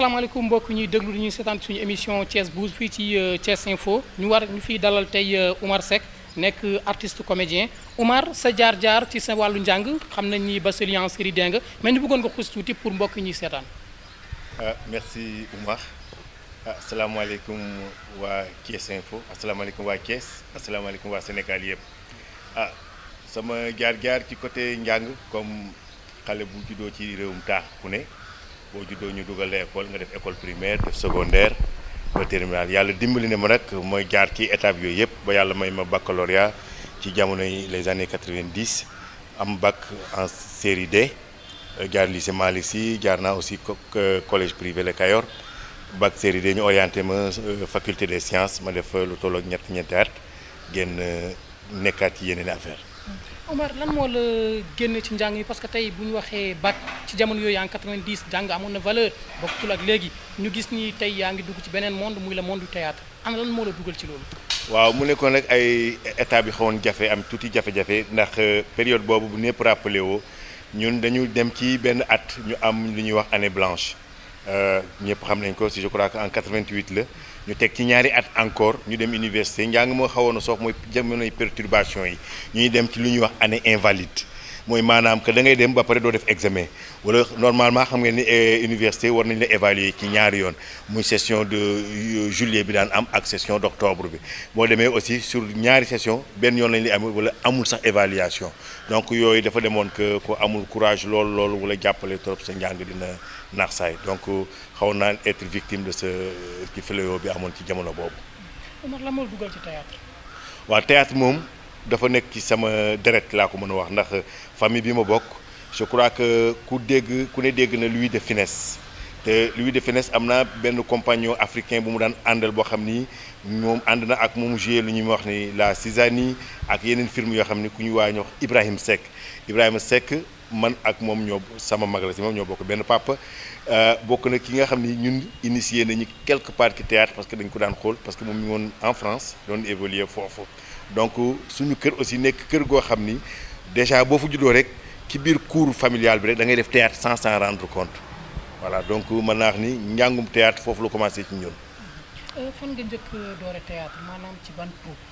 alaykum mbokk ñuy déglu ñuy seetaan suñu émission Thiès Buzz fii ci euh, Thiès Info ñu war ñu fi dalal tey euh, Oumar Seck nekk euh, artiste comédien Oumar sa jaar-jaar ci sa wàllu njàng xam nañ ni bachelier en série dénga mais ñu bëggoon nga xuus tuuti pour mbokk ñuy seetaan. ah merci Oumar alaykum waa Thiès Info alaykum waa Thiès alaykum waa Sénégal yëpp ah sama jaar-jaar ci côté njàng comme xale bu juddoo ci réewum taax ku ne boo juddoo ñu dugal école nga def école primaire def secondaire ba terminal yàlla dimbali ne ma nag mooy jaar ci étape yooyu yëpp ba yàlla may ma baccalauréat ci jamono yi les années 90 am bac en série D euh, jaar lycée Mali Sy jaar naa aussi euh, collège privé Le Kayor bac série D ñu orienté ma euh, faculté des sciences ma def lu tolloog ñett ñetti at génn nekkaat ci yeneen affaire Omar lan mo la génne ci njàng yi parce que tay buñ waxé waxee bac ci jamono yooyu en 90 jang amone na valeur bokkutul ak légui ñu gis ni tay yaangi ngi dugg ci benen monde muy le monde du théâtre am lan mo la duggal ci lolu waaw mu nekkoon rek ay état bi xawon jafé am touti jafé jafé ndax euh, période bobu bu ñëpp rappelé wo ñun dañu dem ci benn at ñu am li ñuy wax année blanche euh ñepp xam nañ ko si je crois que en 88 le ñu teg ci ñaari at encore ñu dem université njàng moo xawono sox moy mooy perturbation yi ñuy dem ci lu ñuy wax année invalide moy manam que da ngay dem ba pare do def examen wala normalement xam ngeen ni eh, université war nañ la évaluer ci ñaari yoon muy session de euh, juillet bi daan am ak session d'octobre bi boo démé aussi sur ñaari session ben yoon lañ li am wala amul sax évaluation donc yooyu dafa demoon que ko amul courage lool lool wala jappalé trop sa njàng dina naxsaay donc euh, xaw être victime de ce euh, ci fléau bi amone ci jamono bobu Omar la moo dugal ci théâtre. wa théâtre mom dafa nek ci sama deret la ko mën wax ndax famille bi ma bok je crois que ku dégg ku né dégg na Louis de Finesse té Louis de Finesse amna ben compagnon africain bu mu daan andal bo xamni ñom moom na ak moom joué lu ñuy wax ni La Cisanie ak yeneen film yo xamni ku ñu wañ wax Ibrahim Seck Ibrahim Seck man ak mom ñoo sama mag ci mom ñoo bokk ben papa euh bokk na ki nga xamni ñun initié nañu quelque part ci théâtre parce que dañ ko daan xool parce que mom mi won en France don évoluer fofu donc suñu kër aussi nekk kër go xamni déjà bo fu juddoo rek ci bir cour familial bi rek da ngay def théâtre sans s'en rendre compte voilà donc mën naa ni ñangum théâtre fofu lu commencé ci ñun. Euh, fan nga jëk doore théâtre manam ci ban troupe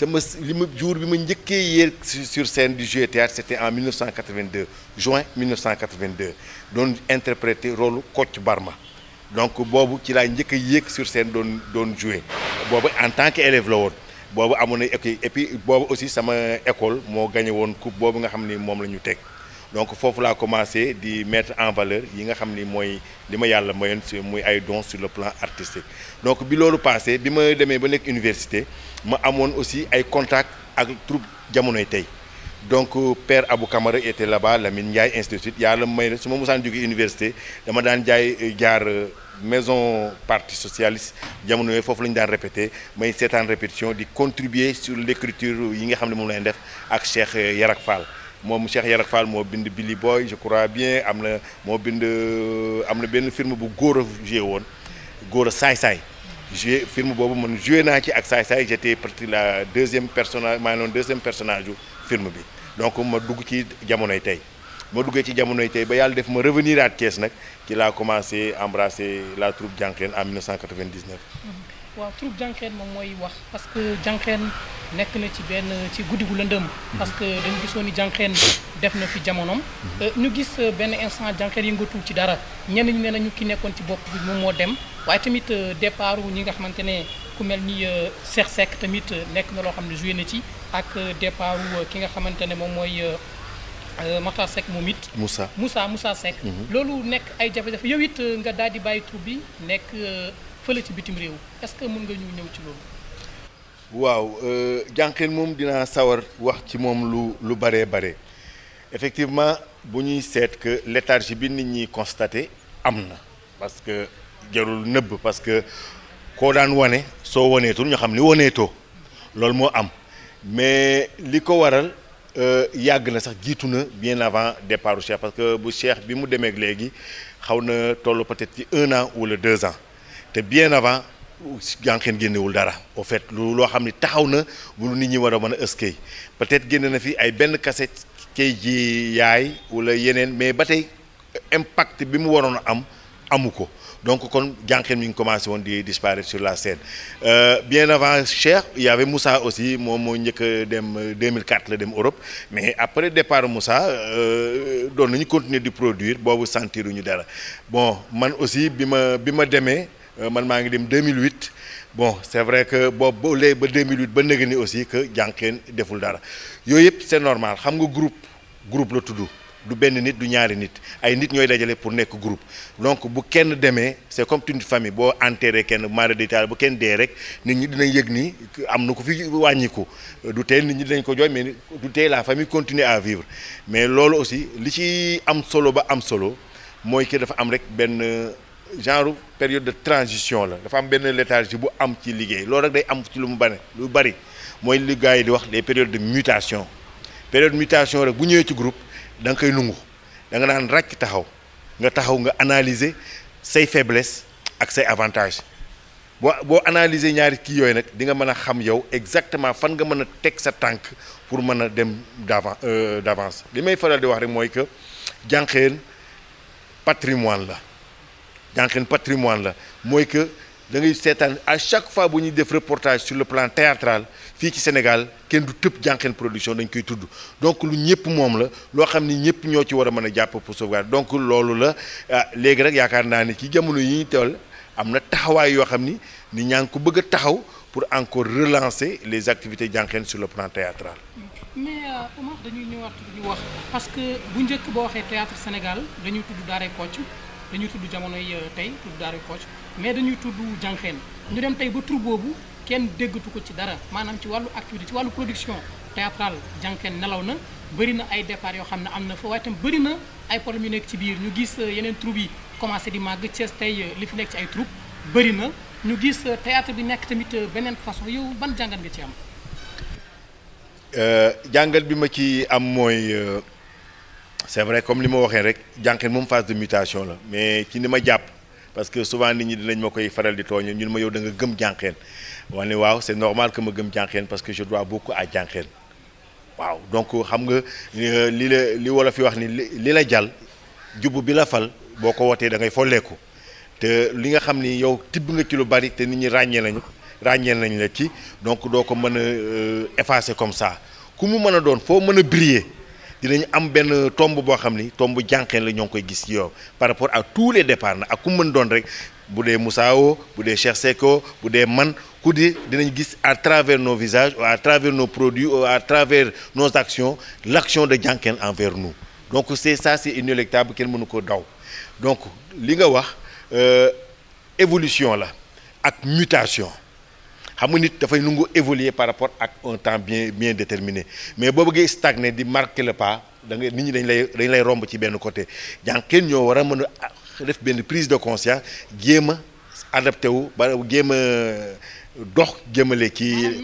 sama li ma jour bi ma njëkkee yéeg sur scène du jeu théâtre c'était en 1982 juin 1982 Donc interprété rôle Kocc Barma donc boobu ci l'a njëkk sur scène don, don jouer boobu en tant que élève la woon boobu et puis boobu aussi sama école Moi gagné une coupe boobu nga xam ni moom la donc fofu la commencé di mettre en valeur yi nga xam moy mooy li ma yàlla moy ay dons sur le plan artistique donc bi loolu passé bi ma demee ba nek université ma amone aussi ay contacts ak troupe jamono tay donc euh, père Abou Camara était là-bas Lamine Ndiaye institut yàlla may su ma musaan jóge université dama dan jaay euh, jaar euh, maison parti socialiste jamono yooyu foofu la ñu répéter, may seetaan répétition di contribuer sur l'écriture yi nga xam mom moom def ak Cheikh Yarak Fall moom Cheikh Yarak Fall moo bind Billy Boy je crois bien am moi bind am na le film bu Gore a joué woon góor a saay film bobu man joué na ci ak saay-saay j'étais parti la deuxième personnage mais non deuxième personnage du film bi donc ma dugg ci jamono tay ma duggee ci jamono tay ba yalla def ma revenir à Thiès nak qui l'a commencé embrasser la troupe Diankhène en 1999 waaw troupe jànqeen moom mooy wax parce que jànqeen nekk na ci benn ci guddi gu lëndëm mhm. parce que dañu gisoon ni jànqeen def na fi jamonoom mhm. euh, ñu gis euh, benn instant jànqeen yëngatul ci dara ñenn ñu ne ñu ki nekkoon ci bopp bi moom moo dem waaye tamit euh, départ ñi nga xamante ne ku mel ni Cheikh Seck tamit nekk na loo xam ne joué na ci ak départ ki nga xamante ne moom mooy Matar Seck moom it. Moussa Moussa Moussa Seck. Mhm. loolu nekk ay jafe-jafe yow it nga daal di bàyyi bi nekk fële ci bitim réew est-ce que mën nga ñu ñëw ci loolu. waaw euh, jànqeen moom dinaa sawar wax ci moom lu lu bëree bare effectivement bu ñuy seet que léthargie bi nit ñi constaté am na parce que jarul nëbb parce que koo daan wane soo waneetul ñu xam ni waneetoo loolu moo am mais li ko waral. Euh, yàgg na sax jiitu na bien avant départu Cheikh parce que bu Cheikh bi mu demee léegi xaw na toll peut-être ci un an wala deux ans te bien avant jànqeen génnewul dara au fait lu loo xam taxaw na bu lu nit ñi wara mëna mën peut-être génne na fi ay benn cassette kay ji yaay wala yenen mais batay impact bi mu am amuko donc kon jànqeen mi ngi commencé won di disparaître sur la scène euh, bien avant Cheikh il y avait Moussa aussi mom mo ñëk dem 2004 euh, la dem Europe mais après départ Moussa euh, doon nañu continuer di produire sentiru ñu dara bon man aussi bima bima démé euh, man maa ngi dem 2008 bon c'est vrai que boobu ba ba 2008 ba nëgë aussi que jànkeen deful dara yoyep c'est normal xam nga groupe groupe la tuddu du ben nit du ñaari nit ay nit ñoy dajale pour nek groupe donc bu kenn démé c'est comme une famille bo enterré kenn mara détail bu kenn dé rek nit ñi dinañ yegg ni am ko fi wàññiku euh, du té nit ñi dinañ ko joy mais du té la famille continue à vivre mais lolu aussi li ci am solo ba am solo moy ki dafa am rek benn genre période de transition la dafa am benn léthargie bu am ci liguey loolu rek day am ci lu mu bane lu bari moy li gars di wax les périodes de mutation période mutation rek bu ñëwé ci groupe da nga koy nungu da nga naan ràcc taxaw nga taxaw nga analyser say faiblesses ak say avantages bo boo analyser ñaari ki yoy nak di nga mëna xam yow exactement fan nga mëna tek sa tank pour mëna dem d'avant euh, d'avance limay may faral di wax rek moy que jànqeen patrimoine la un patrimoine la Moi que da ngay à chaque fois bu ñuy def reportage sur le plan théâtral fii ci Sénégal ken du tëb jànqeen production dañ koy tudd donc lu ñepp mom la lo xamni ñepp ñëpp ñoo ci war pour sauvegarde donc lolu la ah, légui rek yaakaar naa ni ci jëmono yi ñu amna taxaway yo xamni ni ni ko bëgg taxaw pour encore relancer les activités jànqeen sur le plan théâtral mais euh, Omar dañuy ñëwaat ñu wax parce que bu njëkk bo waxee théâtre Sénégal dañuy tudd Daaray Kocc dañuy tudd jamono jamonoy euh, tey tudd Daaru Kocc mais dañuy tudd jànqeen ñu dem tey ba tur boobu kenn déggatu ko ci dara maanaam ci wàllu activité ci wàllu production théâtrale jànqeen nelaw na bëri na ay départ yoo xam ne am na fa waaye itam bëri ay problème yu nekk ci biir ñu gis euh, yeneen troupe yi commencé di màgg Thiès tey euh, li fi nekk ci ay troupe bëri na ñu gis théâtre bi nekk tamit beneen façon yow ban jàngat nga ci am jàngat bi ma ci am mooy c'est vrai comme li ma rek phase de mutation là mais ci ni ma parce que souvent nit ñi dinañ ma faral di toñ ñun ma yow da c'est normal que ma gëm parce que je dois beaucoup à jànqeen waaw donc xam nga euh, li li wolof wax ni la bi la fal boko woté da ngay te li nga xam yow nga ci lu bari te nit ñi ragné. la ci donc doko mëna euh, effacer comme ça kumu mëna briller dinañ am benn tomb boo xam ni tomb jànqeen la ñoo ngi koy gis ci yow par rapport à tous les départements, na ak ku mën doon rek bu dee Moussao Cheikh Seko man ku di gis à travers nos visages ou à travers nos produits ou euh, à travers nos actions l'action de jànqeen envers nous donc c'est ça c'est inéluctable kenn mënu ko daw donc li nga wax euh, évolution la ak mutation xam nga nit dafay nungu évoluer par rapport ak un temps bien bien déterminé mais bo bëggee stagner di marquer le pas da nga nit ñi dañ lay dañ lay romb ci benn côté jàng kenn ñoo wara a def benn prise de conscience jéem a adapté wu ba jéem dox jëmale ci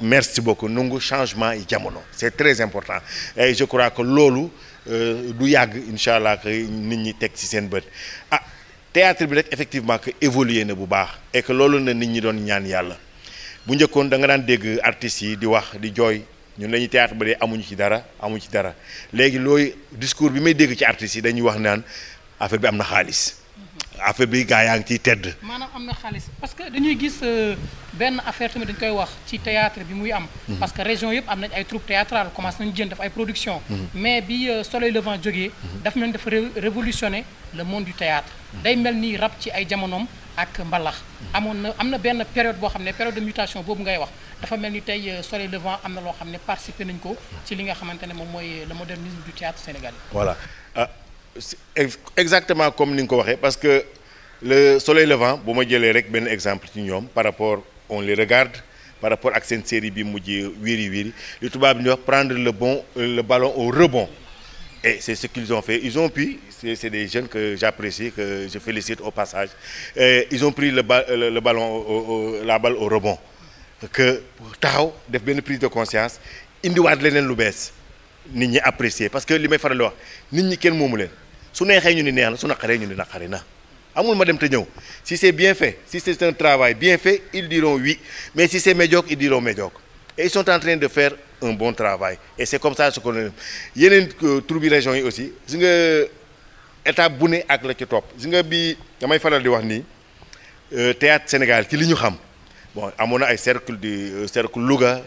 merci beaucoup nungu changement yi jamono c'est très important et je crois que loolu euh, du yag inshallah que nit ñi teg ci sen beut ah théâtre bi rek effectivement que évolué na bu baax et que loolu na nit ñi doon ñaan yàlla bu njëkkoon da nga daan dégg artistes yi di wax di jooy ñun lañuy théâtre ba dee amuñu ci dara amuñu ci dara léegi looy discours bi may dégg ci artistes yi dañuy wax naan affaire bi am na xaalis affaire bi gaa ci tedd. manam amna xaliss parce que dañuy gis ben affaire tamit dañ koy wax ci théâtre bi muy am. Mhm. parce que région yëpp am ay troupe théâtrale commence nañu jënd def ay production mhm. mais bi euh, Soleil Levant jógee. Mhm. daf nañ dafa révolutionner le monde du théâtre day melni ni ci ay jamonoom ak mbalax. amoon amna ben période bo xamné période de mutation bobu ngay wax dafa melni tay euh, Soleil Levant amna lo xamné participer nañ ko ci li nga xamantene mom moy le modernisme du théâtre sénégalais. voilà exactement comme nous ko parce que le soleil levant si rek exemple par rapport on les regarde par rapport à cette série bi mujj wiri wiri li tubaab prendre le bon le ballon au rebond et c'est ce qu'ils ont fait ils ont pu c'est des jeunes que j'apprécie que je félicite au passage ils ont pris le ballon au, la balle au rebond que taxaw def une prise de conscience indiwaat leneen lu bees nit ñi apprécier parce que les may faral di wax nit ñi kenn su neexee ñu ni neex na su ñu ni naqari amul ma dem te si c'est bien fait si c'est un travail bien fait ils diront oui mais si c'est médiocre ils diront médiocre et ils sont en train de faire un bon travail et c'est comme ça su ko yeneen Il euh, y région yi aussi si aussi. étape bu ne ak la ci top. si nga bi damay faral di wax nii euh, théâtre Sénégal ci li ñu xam bon amoon na ay cercle du euh, cercle Louga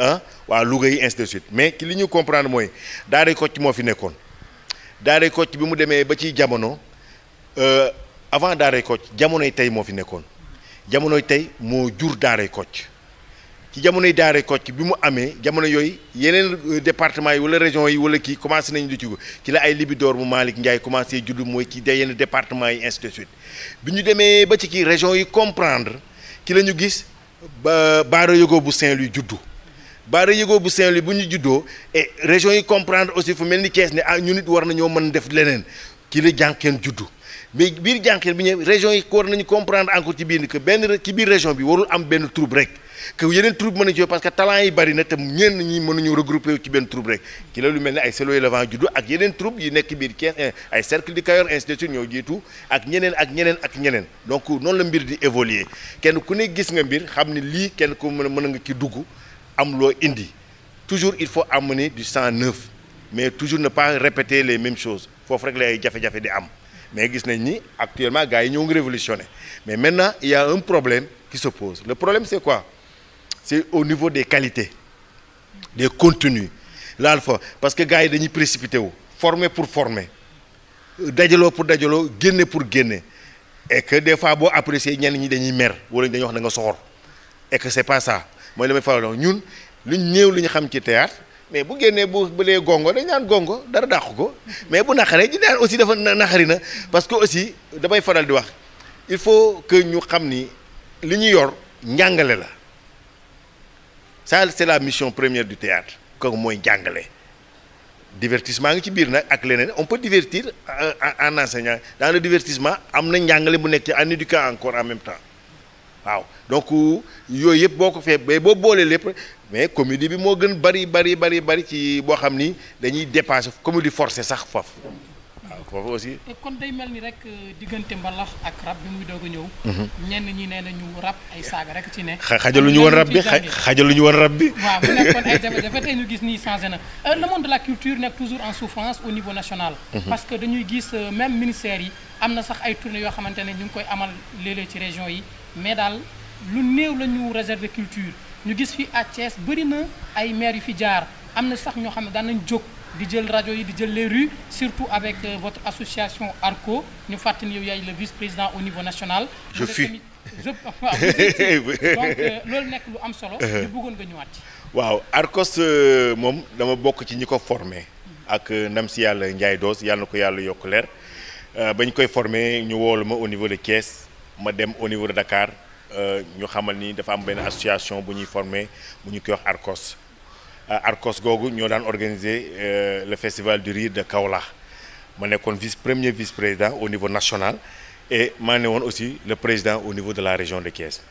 ah waa Louga yi ainsi de suite mais ci li ñu comprendre mooy daara Kocc moo fi nekkoon daré coach bi mu demee ba ci jamono euh avant daré coach jamono tay mo fi nékkone jamono tay mo jur daré coach ci jamono daré coach bi mu amee jamono yoy yeneen euh, département yi wala région yi wala ki commencé nañu di ci ci la ay libidoor mu malik Ndiaye commencé judd moy ci day yenn département yi ainsi de suite bi ñu ba ci ki région yi comprendre ki lañu ñu gis ba baara yogoo bu Saint-Louis juddu baara yëgoo bu Saint-Louis bu ñu juddoo et région yi comprendre aussi fu mel ni Thiès ne ah ñu nit war nañoo mën def leneen ci la jànkeen juddu mais biir jànkeen bi ñu région yi war nañu comprendre encore ci biir ni que benn ci région bi warul am benn troupe rek que yeneen troupe mën nañu parce que talent yi bari na te ñenn ñi mënuñu regroupé ci benn troupe rek ci la lu mel ne ay Selo Levant juddu ak yeneen troupe yi nekk biir Thiès eh, ay cercle di Kayor jiitu ak ñeneen ak ñeneen ak ñeneen donc noonu la mbir di évoluer kenn ku ne gis nga mbir xam ne lii kenn ko mën a mën a nga ci dugg indi toujours il faut amener du sang neuf mais toujours ne pas répéter les mêmes choses Il rek lay jafé jafé di am mais gis nañ ni actuellement gars yi sont mais maintenant il y a un problème qui se pose le problème c'est quoi c'est au niveau des qualités des contenus l'alpha parce que gars yi dañuy précipité wu former pour former dajaloo pour dajaloo guinée pour guinée et que des fois apprécié ni ñenn ñi dañuy mer wala dañuy wax et que c'est pas ça moy li faral faral ñun luñ neew lu xam ci théâtre mais bu génné bu bu gongo dañ ñaan gongo dara dakh ko mais bu naxaré ñu naan aussi dafa naxarina parce que aussi damay faral di wax il faut que ñu xam ni li ñu yor ñangalé la ça c'est la mission première du théâtre comme moy njàngale divertissement ngi ci bir nak ak leneen on peut divertir euh, en enseignant dans le divertissement amna ñangalé njàngale bu nekk en éduquant encore en même temps donc yooyu yëpp boo ko fee lépp mais comédie bi moo gën bari bari bari bari ci rek ak bi ñi ay rek ci bi bi. waaw ay ñu gis euh, le monde de la culture nekk toujours en souffrance au niveau national. Mhm. parce que dañuy gis euh, même ministère yi am sax ay région mais dal lu néew la ñu réserver culture ñu gis fi à Thiès bëri na ay maire yu fi jaar am na sax ñoo xam ne daan nañ jóg di jël rajo yi di jël les rues surtout avec euh, votre association ARCO ñu fàttali yow yaay le vice-président au niveau national. je suis je donc euh, loolu nekk lu am solo. ñu bëggoon nga ñëwaat ci. waaw ARCOS euh, moom dama bokk ci ñi ko formé. ak ndam si yàlla Ndiaye Doos yàlla na ko yàlla yokk leer bañ koy formé ñu woolu ma au niveau de caisse ma dem au niveau de Dakar euh, ñu xamal ni dafa am association bu ñuy formé bu ñu koy Arcos euh, Arcos googu ñoo daan organiser euh, le festival du rire de Kaola Je suis le premier vice président au niveau national et je suis aussi le président au niveau de la région de Thiès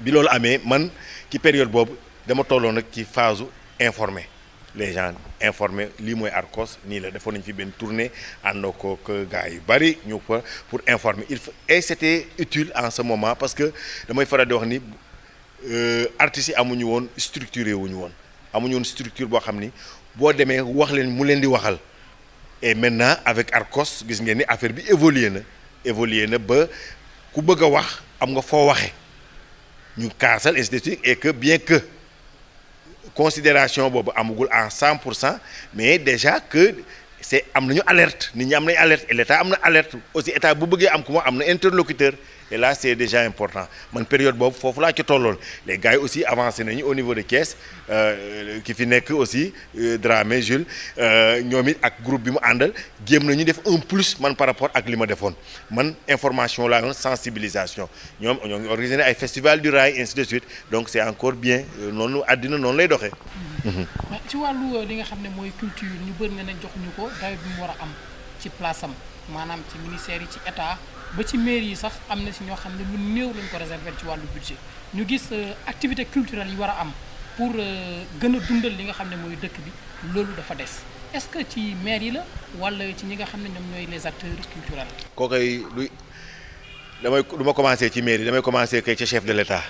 bi loolu amee man ci période boobu dama tolloon ci phase informé les gens informés, li moy Arcos ni la defoon nañu fi ben tournée àndoo ko gars yu bari ñu pour informer il et c'était utile en ce moment parce que damay faral de wax ni euh, artistes yi amuñu won structuré wuñu woon amuñu won structure bo xamni bo démé wax leen mu leen di waxal et maintenant avec Arcos gis ngeen ni affaire bi évolué na évolué na ba ku bëgg wax am nga fo waxé ñu kaasal et et que bien que considération bob amugul en 100% mais déjà que c'est am alerte nit ñi alerte et l'État amna alerte aussi État bu bëggee am kuma amna interlocuteur et là c'est déjà important man période boobu foofu laa ci tolloon les gars aussi avancé au niveau de caisses, qui euh, fi aussi euh, Dramé Jules euh, ñoom it ak groupe bi mu àndal ils ont def un plus par rapport ak li ma defoon man information la sensibilisation ils ont organisé ay festival du rail et ainsi de suite donc c'est encore bien nous àddina non lay doxee. Mm-hmm. ci wàllu li nga xam ne mooy culture ñu bëri na ne joxuñu ko dawet bi mu a am ci place am ministère de ci état ba ci mairie yi sax am na si ñoo ne lu néew lañ ko réserver ci wàllu budget ñu gis euh, activité culturelle yi y aura am pour euh, gagner du dundal li nga xam ne mooy dëkk bi loolu dafa est-ce que ci maire yi la walla ci ñi nga xam les acteurs culturels. koo koy luy damay du commencer ci maire yi damay commencer kay ci chef de l'État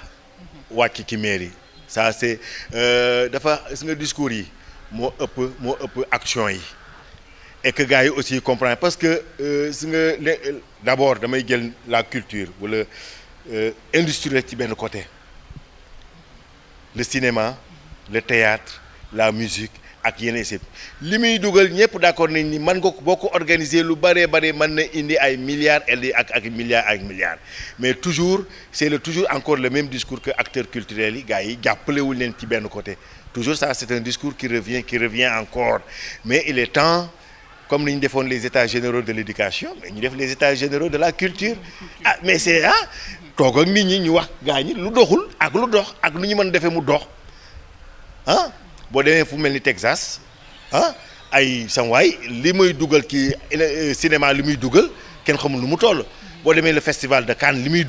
mhm. wàcc ci maire yi ça c'est euh, dafa gis nga discours yi moo ëpp moo ëpp action yi et que gars aussi comprennent parce que euh, d'abord, la culture wala euh, industrie ci de côté le cinéma le théâtre la musique ak yene ce li muy dugal ñëpp ni man nga ko organiser lu bare bare man indi ay milliards et ak ak milliards ak milliards mais toujours c'est le toujours encore le même discours que acteurs culturel. yi gars yi les len ci côté toujours ça c'est un discours qui revient qui revient encore mais il est temps comme nous défendons les états généraux de l'éducation mais défendons les états généraux de la culture ah, mais c'est ah toog ak nit ñi ñu wax gaa gagné, lu doxul ak lu ah, Texas ah ay li muy est ci euh, cinéma li muy qui xamul lu mu toll le festival de Cannes li muy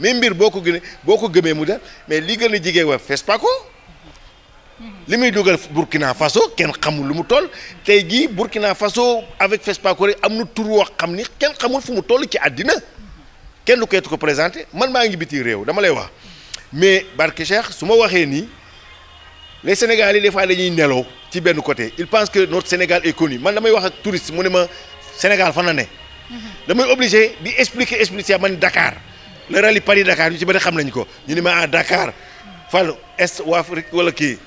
mais mbir beaucoup de mais li muy dugal Burkina Faso kenn xamul lu mu toll tey jii Burkina Faso avec FESPACORE am na tur woo xam ni kenn xamul fu mu toll ci àddina kenn lu koytu ko présenté man maa ngi biti réew dama lay wax mais barke Cheikh su ma waxee nii les Sénégalais des fois dañuy neloo ci benn côté ils pensent que notre Sénégal est connu man damay wax ak touriste mu Sénégal fan la ne damay obligé di expliquer expliquer man Dakar le rallye Paris Dakar ñu ci bëri xam nañ ko ñu ne ma ah Dakar Fall est waa Afrique wala kii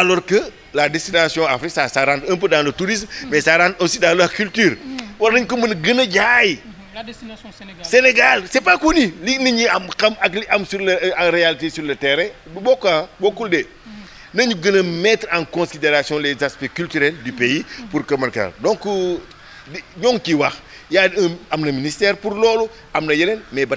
alors que la destination Afrique ça rentre un peu dans le tourisme mais ça rentre aussi dans leur culture war la destination Sénégal Sénégal c'est pas connu Ce nit en réalité sur le terrain bu beaucoup. Hein, de mettre en considération les aspects culturels du pays pour que man donc euh, on y y un ministère pour l'eau, mais il yeneen mais a pas.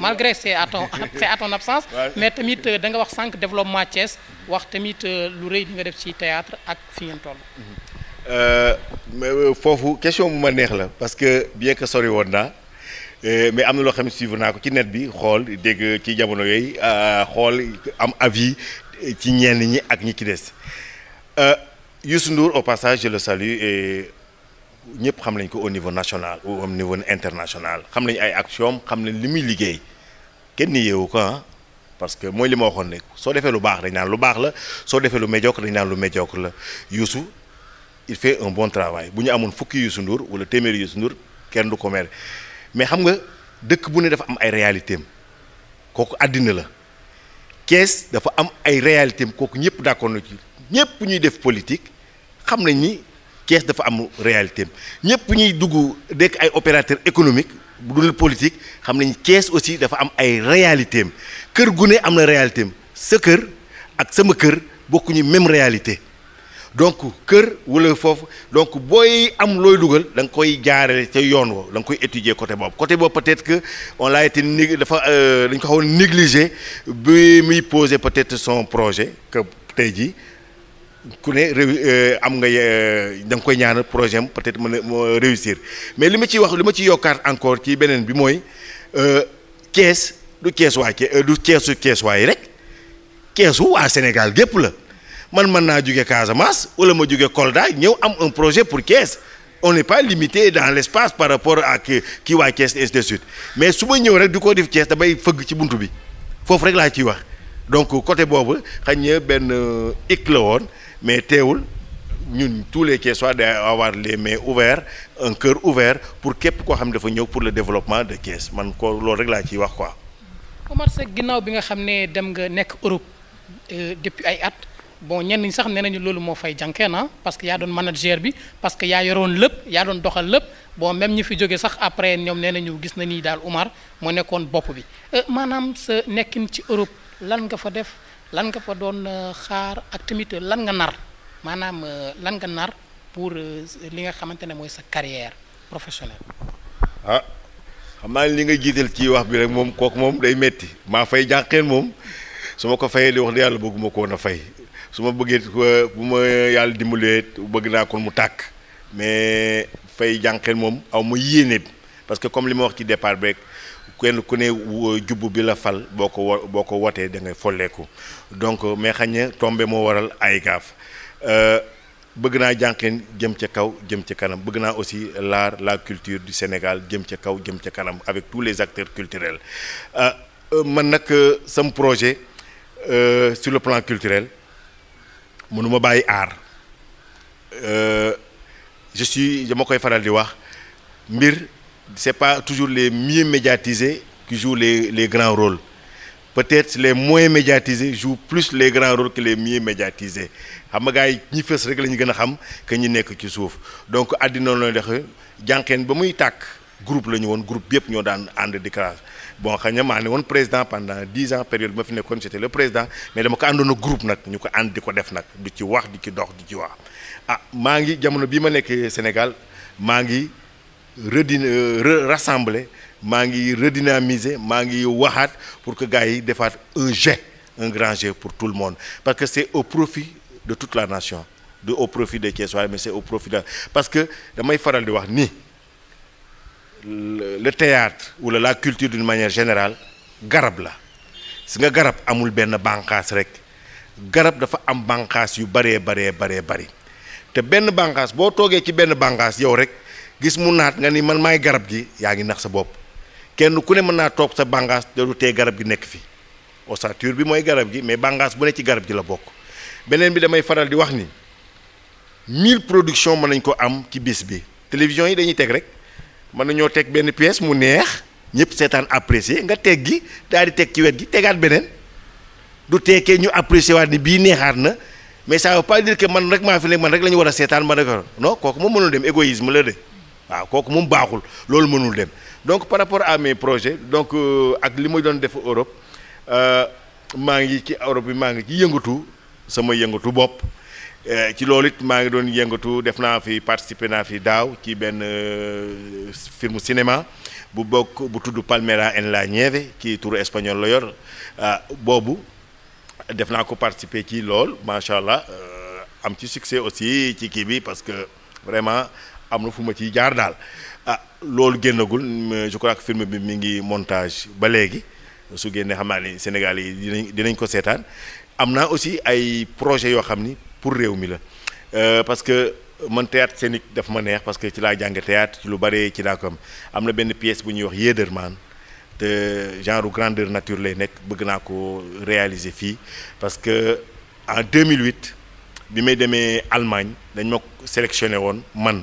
malgré c'est à ton c'est à ton absence mais tamit euh, da nga wax sank développement Thiès wax tamit euh, lu reuy di nga def ci théâtre ak fi ngeen toll euh, fofu question bu ma neex la parce que bien que sori woon naa mais am na loo xam ne suivre nako ci net bi xol dégg ci jamono yooyu xol am avis ci ñenn ñi ak ñi ci euh Youssou Ndour au passage je le salue et ñëpp xam nañ ko au niveau national ou au niveau international xam nañ ay action xam nañ li muy liggéey kenn ni yeewu ko ah parce que mooy li ma waxoon ne soo defee lu baax dañ naan lu baax la soo defee lu médiocre dañ naan lu médiocre la Youssou il fait un bon travail bu ñu amoon fukki Youssou Ndour wala téeméeri Youssou Ndour kenn du ko mer mais xam nga dëkk bu ne dafa am ay réalité am kooku àddina la Kees dafa am ay réalité am kooku ñëpp d'accord na ci ñëpp ñuy def politique xam nañ ni. Thiès dafa am réalité ñepp ñi dugg dekk ay opérateurs économiques, bu dul politique xam nañ aussi dafa am ay réalité am kër gune am na réalité am sa kër ak sama kër ñu même réalité donc kër wala foofu donc boy am loy dugal da nga koy jaarale ca yoon wo da nga koy étudier côté bob côté bob peut-être que on l'a été nég dafa euh, dañ ko xaw négligé bi muy poser peut-être son projet que tay jii ku ne réu euh, am nga euh, da nga koy ñaanal projet am peut-être mën a réussir mais li ma ciy wax li ma ciy yokkaat encore ci beneen bi mooy euh, kees du kees waa du keesu kees waay rek keesu waa Sénégal gépp la man mën naa jóge Casamance wala ma jóge Kolda ñëw am un projet pour kees on n'est pas limité dans l'espace par rapport ak kii waa kees et de mais su ma ñëw rek du ko def kees damay fëgg ci bunt bi foofu rek laa ciy wax donc côté boobu xañ benn ik la woon mais teewul ñun tous les Thiessois day avoir les mains ouvertes un cœur ouvert pour képp koo xam dafa pour le développement de Thiès man ko loolu rek laa ciy wax quoi. Omar c'est ginnaaw bi nga ne dem nga Europe euh, depuis ay at bon ñen ñi sax nee nañu loolu moo fay janké na ah, parce que yaa doon manager bi parce que yaa yoroon lepp ya doon doxal lepp bon même ñi fi joggé sax après ñom nee nañu gis ni dal Omar mo nekkoon bop bi euh, manam sa nekkin ci Europe lan nga fa def lan nga fa doon euh, xaar ak tamit euh, lan nga nar maanaam euh, lan nga nar pour li nga xamante ne mooy sa carrière professionnelle. ah xam naa li nga jiital ci wax bi rek moom kooku moom day metti maa fay jànqeen moom su ma ko fayee li wax di yàlla bëgguma ko woon a fay su ma bëggee bu ma yàlla dimbalee bëgg naa kon mu tàkk mais fay jànqeen moom aw ma yéene parce que comme li ma wax ci départ bi rek kenn ku ne jubbu bi la fal boo ko wo boo ko wotee da ngay folleeku donc mais xañ tombé moo waral ay gaaf euh, bëgg naa jànqeen jëm ca kaw jëm ca kanam bëgg naa aussi l'art la culture du Sénégal jëm ca kaw jëm ca kanam avec tous les acteurs culturels euh, euh, man nag sam projet sur le plan culturel mënuma bàyyi art je suis ma koy faral di wax mbir c'est pas toujours les mieux médiatisés qui jouent les, les grands rôles. Peut-être les moins médiatisés jouent plus les grands rôles que les mieux médiatisés. xam ni gars yi ñi fës rek la ñu xam que ñi nekk ci suuf donc non le dexe jànkeen ba muy tak groupe le ñu groupe bien ñoo daan ànd de classe bon quand nga maa président pendant dix ans période bi ma fi nekkoon c'était le président mais dama ko àndoon ak groupe nag ñu ko ànd di ko def nag du ci wax di ci dox di ci wax ah maa ngi jamono bii ma Sénégal mangi euh, redynamiser, rassembler redynamiser mangi ngi pour que gars yi defaat un jet un grand jet pour tout le monde parce que c'est au profit de toute la nation de au profit des Thiessois mais c'est au profit de parce que damay faral di wax ni le théâtre ou la culture d'une manière générale garab la si nga garab amul ben rek garab dafa am bànqaas yu bëree bëree bëree te ben bànqaas bo toogee ci ben bànqaas yow rek gis mu naat nga ni man may garab gi yaa ngi nax sa bopp kenn ku ne mën naa toog sa bàngaas te tee garab gi nekk fi ossature bi mooy garab gi mais bàngaas bu ne ci garab gi la bokk beneen bi damay faral di wax ni mille production mën nañ ko am ci bis bi télévision yi dañuy teg rek mën nañoo teg benn pièce mu neex ñëpp seetaan apprécier nga teg gi daal di teg ci wet gi tegaat beneen du teekee ñu apprécier waat ni bii neexaat na mais ça veut pas dire que man rek maa fi nekk man rek la ñu war a seetaan man rek non kooku moom mënul dem égoïsme la de waaw kooku moom baaxul loolu mënul dem donc par rapport à mes projets donc euh, ak li ma doon def Europe euh, maa ngi ci Europe bi maa ngi ci yëngatu sama yëngatu qui euh, ci lolit it ngi doon yëngatu def fi participer na fi daw ci ben film cinéma bu bok bu tudd Palmera en la Nieve ci tour espagnol la yor boobu def naa ko participer ci lool macha allah am ci succès aussi ci ki bi parce que vraiment amna na ci ma ciy jaar daal ah lolou génnagul je crois que film bi mi ngi montage ba léegi su génnee xam Sénégal yi dinañ ko sétane amna aussi ay projet yo xamni pour réew mi la euh, parce que man théâtre scénique daf ma neex parce que ci la jàng théâtre ci lu bare ci laa ko am benn pièce bu ñuy wax Yédermaan te genre grandeur nature lay nek bëgg na ko réaliser fi parce que en 2008 bi may démé Allemagne dañ ma sélectionné won man.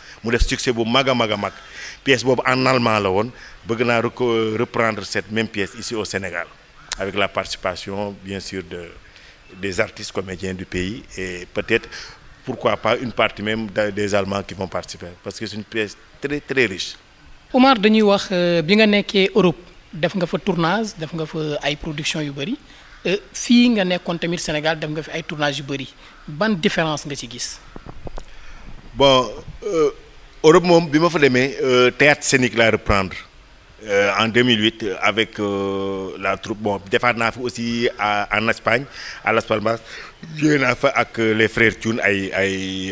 mu def succès bu maga maga mag pièce bobu en allemand la won euh, reprendre cette même pièce ici au Sénégal avec la participation bien sûr de des artistes comédiens du pays et peut-être pourquoi pas une partie même des Allemands qui vont participer parce que c'est une pièce très très riche. Omar dañuy wax euh, bi nga l'Europe Europe def nga fa tournage def nga fa ay production yu bëri euh, fi nga nekkoon tamit Sénégal def nga fi ay tournage yu bëri ban différence nga ci gis. bon. Europe me suis ma fa le euh, théâtre scénique la reprendre euh, en 2008 euh, avec la troupe bon me suis aussi à, en Espagne à Las Palmas joué suis fa ak les frères Thune ay ay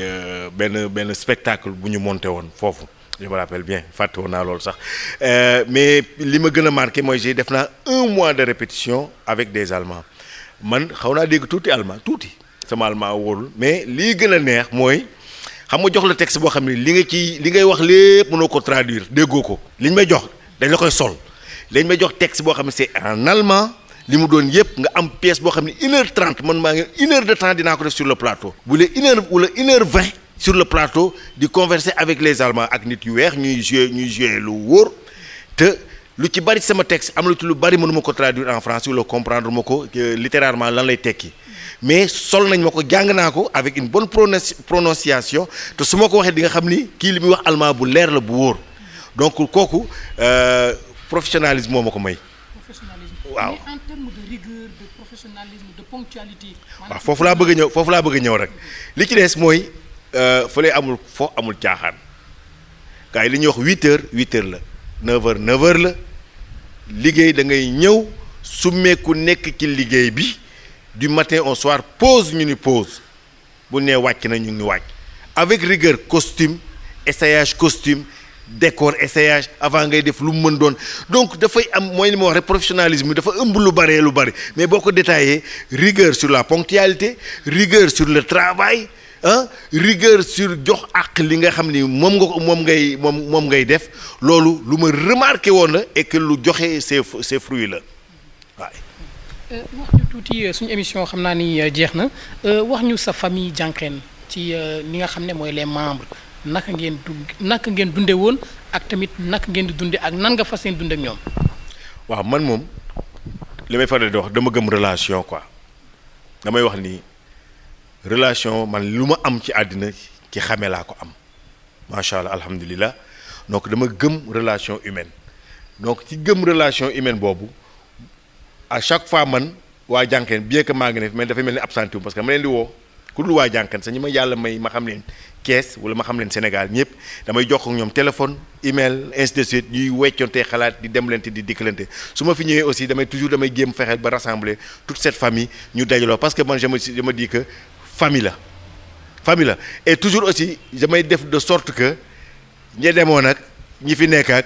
ben ben spectacle bu nous monté je me rappelle bien Fatou woon ça. mais li ma marqué moi, j'ai fait un mois de répétition avec des Allemands man dit que tout est allemand tout, est allemand mais ce qui neex xam nga jox la texte boo xam ne li nga ci li ngay wax lépp mënoo ko traduire déggoo ko li may jox dañ la koy sol dañ may jox texte boo xam ne c'est en allemand li mu doon yëpp nga am pièce boo xam ne une heure trente man maa ngi une heure de temps dinaa ko def sur le plateau wala une heure wala une heure vingt sur le plateau di converser avec les Allemands ak nit yu weex ñuy jouer ñuy jouer lu wóor te lu ci bari sama texte am lu ci lu bari mënuma ko traduire en français wala comprendre ma ko littéralement lan lay tekki mais sol nañ mako ko jàng ko avec une bonne prononciation te su ma ko waxee di nga xam ni kii li wax allemand bu leer la bu wóor donc koku euh professionnalisme momako may. professionnalisme waaw en termes de rigueur de professionnalisme de ponctualité. waaw foofu laa bëgg a ñëw foofu laa bëgg a ñëw rek li ci dess moy euh fële amul fo amul tiaxan gars li ñuy wax 8h 8h la 9h 9h la liggéey da ngay ñëw summeeku nekk ci liggéey bi du matin au soir pause mini pause bu na ñu ngi avec rigueur costume essayage costume décor essayage avant de def le donc il am un moyen de professionnalisme un ëmb lu bare lu mais beaucoup détaillé rigueur sur la ponctualité rigueur sur le travail hein, rigueur sur jox ak li nga xamni mom nga mom ngay def remarqué et que lu joxe ses ses fruits là. Euh, wax ñu tuuti euh, suñu émission xam ni euh, na sa famille Diankéne ci ni nga xam ne les membres naka ngeen dund naka ngeen dunde woon ak tamit naka ngeen di dunde ak nan nga fas ak waaw man relation quoi damay wax ni relation man lu am ci ci am allah donc dama gëm relation humaine donc ci relation humaine à chaque fois man waa jànkeen bien que maa ngi ne mais dafa mel ni absenté wu parce que ma leen di woo ku dul waa jànkeen sa ma yàlla may ma xam leen kees wala ma xam leen Sénégal ñëpp damay jox ak ñoom téléphone email ainsi de suite ñuy weccontee xalaat di demlante di dikkalante su ma fi ñëwee aussi damay toujours damay jéem fexeel ba rassembler toute cette famille ñu dajaloo parce que man je me je me dis que famille la famille la toujours aussi damay def de sorte que ñi demoon ñi fi nekk ak.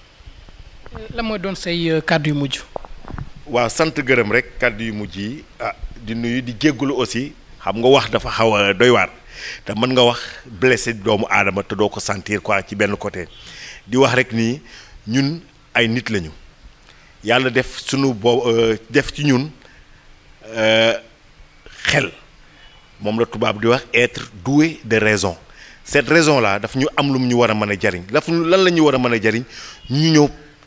la mooy doon say euh, kàddu yu mujj. waaw sant gërëm rek kàddu yu mujj yi ah, di nuyu di jéggalu aussi xam nga wax dafa xaw a doy waar te mën nga wax blessé doomu aadama te doo ko sentir quoi ci benn côté di wax rek nii ñun ay nit lañu yàlla def sunu boo euh, def ci ñun euh, xel moom la tubaab di wax être doué de raison. cette raison laa daf ñu am lu ñu war a mën a jariñ daf lan la ñu war a mën a jariñ ñu ñëw.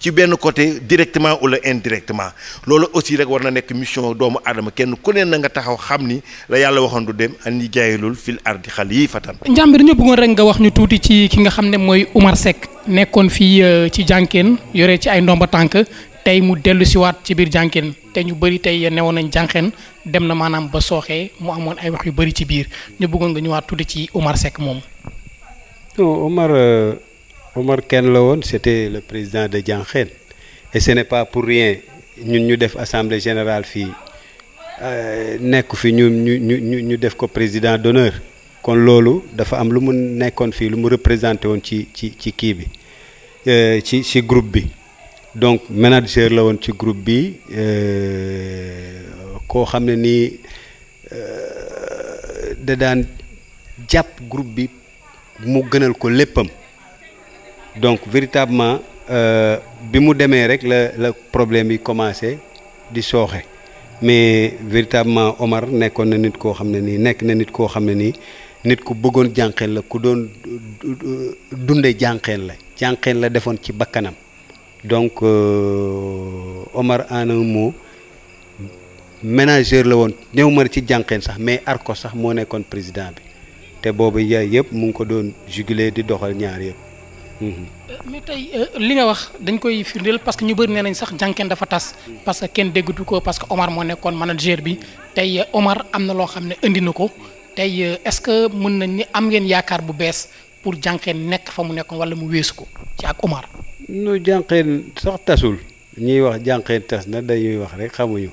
ci benn côté directement wala indirectement loolu aussi rek war na nekk mission doomu adama kenn ku neen na nga taxaw xam ni la yàlla waxoon du dem an ñi jaayilul fil ardi xalifatan njàmbi dañoo bëggoon rek nga wax ñu tuuti ci ki nga xam ne mooy Umar Seck nekkoon fii euh, ci jànkeen yore ci ay ndomba tànk tey mu dellu siwaat ci biir jànkeen te ñu bëri tey newoon nañ jànkeen dem na maanaam ba sooxee mu amoon ay wax yu bëri ci biir ñu bëggoon nga ñëwaat tuuti ci Umar moom. Oh, Omar c'était le président de Djanjen et ce n'est pas pour rien nous avons fait l'Assemblée générale euh, nous sommes fi président d'honneur Nous avons dafa am lu mu représenté euh, groupe donc donc manager du groupe bi euh, groupe donc véritablement euh, bi mu demee rek la le problème yi commencé di mais véritablement Omar nekkoon na nit koo ne nii na nit koo xam ne nit ku bëggoon jànqeen la ku donc euh, Omar en un mot ménageur la woon néew ma ci sax mais Arco sax moo nekkoon président bi te mu ko di doxal ñaar mais tey euh, li nga wax dañ koy firndeel parce que ñu bëri nee nañ sax jànkeen dafa parce que déggutu ko parce que Omar mona kon manager bi euh, Omar am na loo xam ne indi na ko tey euh, est ce que mën nañ ni am ngeen bu pour fa mu wala mu ko ci ak Omar. nu jànkeen sax tasul ñuy wax jànkeen tas na dañuy wax rek xamuñu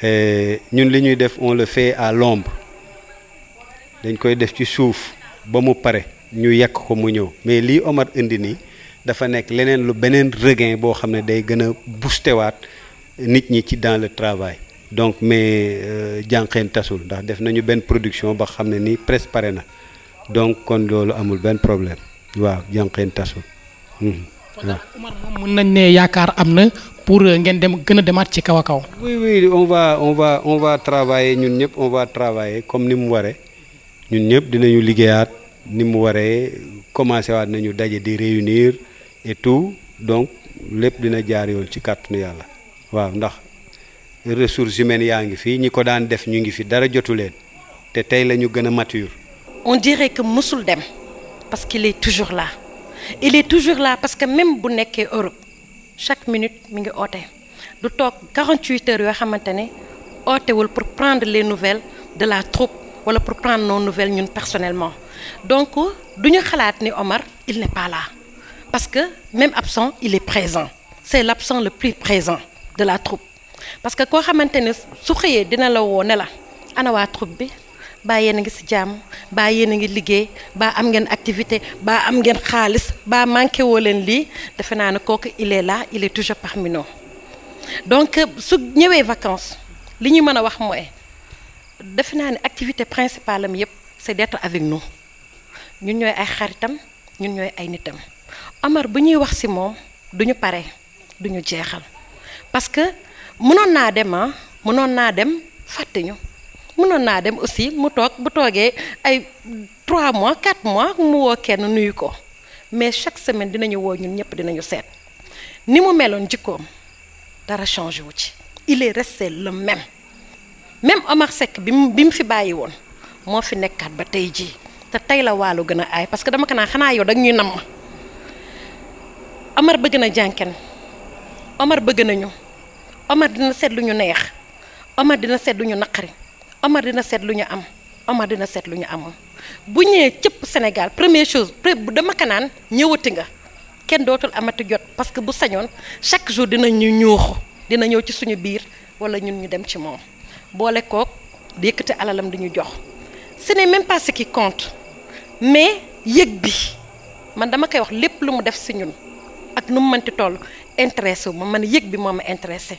eh, ñun li ñuy def on le fait à l'ombre dañ koy def ci suuf ba mu pare. ñu yekk ko mu ñëw mais li Omar indi ni dafa nek leneen lu benen regain bo xam day gëna booster waat nit ñi ci dans le travail donc mais euh, jankhen tassul ndax def nañu ben production ba xam ni nii presque na donc kon lolu amul ben problème waaw jankhen tassul hmm. Omar mën nañ ne yaakaar am na pour euh, ngeen dem gën a demaat ci kaw a kaw. oui oui on va on va on va travailler ñun ñëpp on va travailler comme ni mu waree ñun ñëpp dinañu liggéeyaat ni mu waree commencé waat nañu daje di réunir et tout donc lépp dina jaar yoon ci kàttanu yàlla waaw ndax ressources humaines yaa ngi fi ñi ko daan def ñu ngi fi dara jotuleen te tey la ñu gën a mature. on dirait que mësul dem parce qu'il est toujours là il est toujours là parce que même bu nekkee Europe chaque minute mi ngi oote du toog 48 heures yoo xamante ne ootewul pour prendre les nouvelles de la troupe pour prendre nos nouvelles personnellement donc Omar il n'est pas là parce que même absent il est présent c'est l'absent le plus présent de la troupe parce que koo que su dina la là, ne la ana troupe bi a ngi si a ngi am activité a am manqué il est là il est toujours parmi nous donc su les vacances li ñu mën a wax la naa activité principale am c'est d'être avec nous ñun ñooy ay xaritam ñun sommes ay nitam nous bu ñuy wax ci moom duñu pare duñu jeexal parce que mënoon naa dem ah mënoon naa dem fàtte ñu mënoon naa dem aussi mu toog bu toogee ay 3 mois 4 mois mu woo kenn nuyu ko mais chaque semaine dinañu nous ñun ñëpp dinañu seet ni mu meloon jikkoom dara changé wu il est resté le même. même Omar Seck bi mu bi mu fi bàyyi woon moo fi nekkaat ba tey jii te tey la waalo gën a aay parce que dama kanaan xanaa yow dag ñuy nam ma Omar bëgg na jànken Omar bëgg nañu Omar dina seet lu ñu neex Omar dina seet lu ñu naqari Omar dina seet lu ñu am Omar dina seet lu ñu amul bu ñëwee cëpp Sénégal premier chose dama ko naan ñëwati nga kenn dootul amati jot parce que bu sañoon chaque jour dina ñu ñuuxu dina ñëw ci suñu biir wala ñun ñu dem ci moom. bolé kok di alalam de jox ce n'est même pas ce qui compte mais yëg bi man dama kay wax lepp lu mu def ci ñun ak nu mu mënti toll intéressé ma man yëg bi moo ma intéressé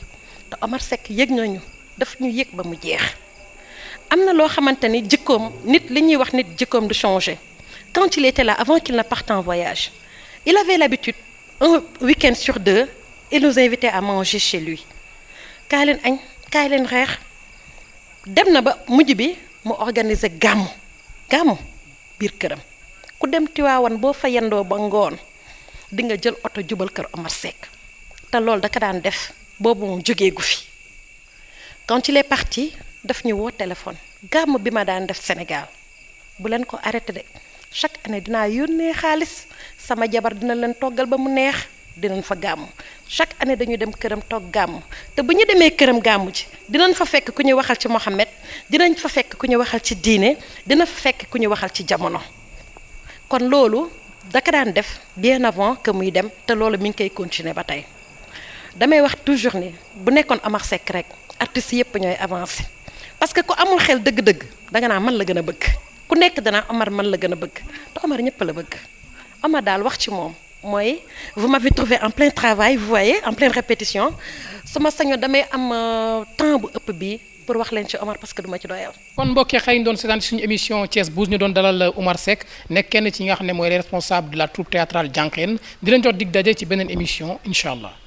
te Omar Seck yek nañu daf ñu yëg ba mu jeex amna lo loo nit li ñuy wax nit jikkoom du changer quand il était là avant qu'il ne parte en voyage il avait l'habitude un week-end sur deux il nous invitait à manger chez lui kaay leen dem na ba mujj bi mu organiser gàmmu gàmmu biir këram ku dem Tiwaawan boo fa yendoo ba ngoon di nga jël oto jubal kër Omar Seck te loolu da ko daan def boobu mu jógee gu fi quand il est parti daf ñu woo téléphone gàmmu bi ma daan def senegal bu leen ko arrêté de chaque année dinaa yónnee xaalis sama jabar dina leen toggal ba mu neex dinañ fa gàmmu chaque année dañuy dem këram toog gàmm te bu ñu demee këram gàmm ji dinañ fa fekk ku ñuy waxal ci Mohamed dinañ fa fekk ku ñuy waxal ci diine dina fa fekk ku ñuy waxal ci jamono kon loolu daka daan def bien avant que muy dem te loolu mi ngi koy continuer ba tey damay wax toujours ni bu nekkoon Amar sekk rek artistes yëpp ñooy avancé parce que ku amul xel dëgg-dëgg danga naa man la gën a bëgg ku nekk danaa Omar man la gën a bëgg te Omar ñëpp la bëgg Omar daal wax ci moom. Moi, vous m'avez trouvé en plein travail vous voyez en pleine répétition Je ma sañoon damay am euh, temps bu temps pour wax leen Omar parce que je ma ci doyal. kon mbokk yi xëy ci émission Thiès euh, Omar Seck vous kenn ci nga de la troupe théâtrale Diankhène di leen jot dig daje émission Inch'Allah.